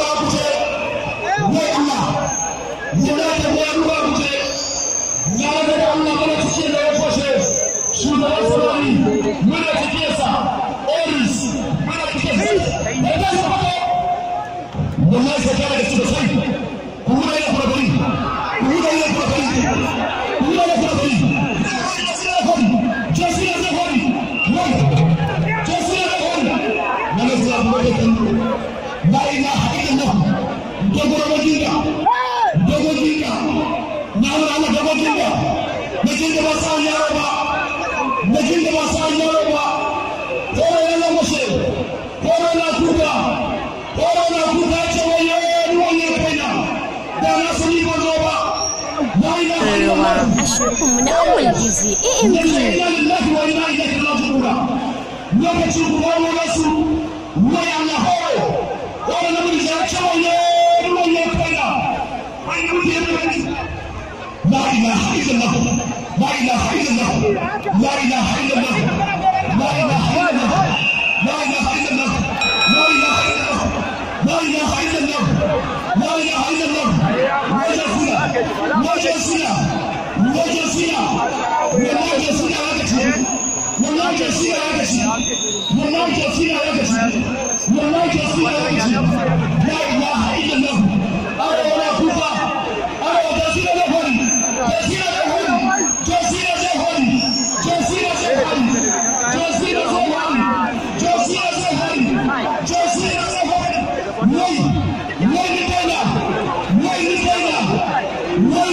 ruwa kuce wai Allah yana tafiya ruwa kuce ya ga da Allah mana cikin da ya kwashe shugaban samari mana cikin sa oris mana cikin sa da ta sa fata wallahi sai ka da su sai ku ne ya fara bari ku ne ya fara bari ku ne ya fara bari Jesse is a hoodie. Jesse is a hoodie. Let us love what لا إله إلا الله دوغو مجيدا دوغو جيدا نعم على نعم، دوغو جيدا نجيد باسا يا ربا نجيد باسا يا ربا كورا يا مشي كورا لا كوبا كورا لا كوبا تشوا يا نوي كاينا دانا سليم الروبا لا إله إلا الله أيوة. أشوفكم من أول جزء إيه إيه إيه إيه إيه إيه إيه إيه إيه إيه إيه لا اله الا الله لا اله الا الله لا اله الا الله لا اله الا الله لا اله الا الله لا اله الا الله لا اله الا الله لا اله الا الله وجسنا وجسنا وجسنا وجسنا وجسنا وجسنا وجسنا وجسنا وجسنا Мой! Мой Литона! Мой Литона! Мой